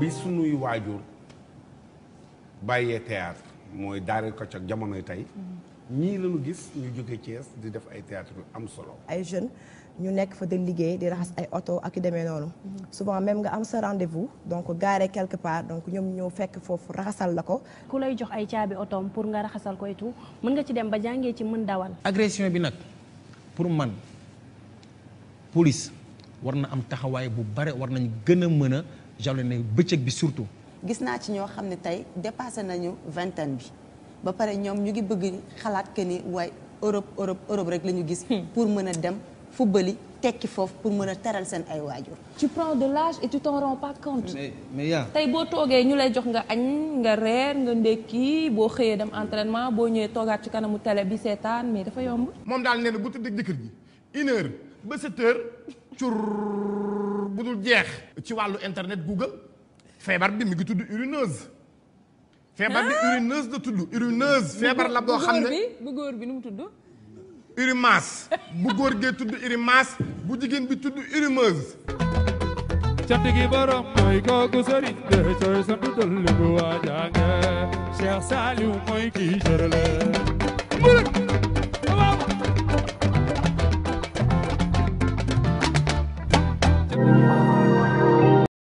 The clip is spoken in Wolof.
bi sunuy waajur bàyyee théâtre mooy daare ko ak jamonoy tey ñii lañu gis ñu jóge Thiès di def ay théâtre yu am solo ay jeunes ñu nekk fa di liggéey di raxas ay oto ak yu demee noonu mm-hmm. souvent même nga am sa rendez donc garé quelque part donc ñoom ñëw fekk foofu raxasal la ko ku lay jox ay caabi otoom pour nga raxasal ko et mën nga ci dem ba jàngee ci mën dawal agression bi nag pour man police war na am taxawaay bu bare war nañ gën a jalonné bëccëg bi surtout. gis naa ci ñoo xam ne tey dépassé nañu vingtaine bi ba pare ñoom ñu ngi bëgg xalaat que ni waaye Europe Europe Europe rek la ñu gis. Hmm. pour mën a dem fubbali tekki foofu pour mën a teral seen ay waajur. ci prends de lage et tu t'en rends pas tey boo toogee ñu lay jox nga añ nga reer nga ndekki boo xëyee dem entrainement boo ñëwee toogaat ci kanamu télé bi seetaan mais dafa yomb. moom daal nee na bu tëddee jëkkër ji une cur bu dul jeex ci wàllu internet google feebar bi mi ngi tudd urineuse feebar bi ah! urineuse la tudd urineuse feebar la boo xam ne bu góor bi nu mu tudd urimaas bu góor gee tudd urimaas bu jigéen bi tudd urimeuse cant gi borom mooy kooku sëriñ de cooy sant dolli bu waajange Cheikh Saliou mooy kii jërële Thank you.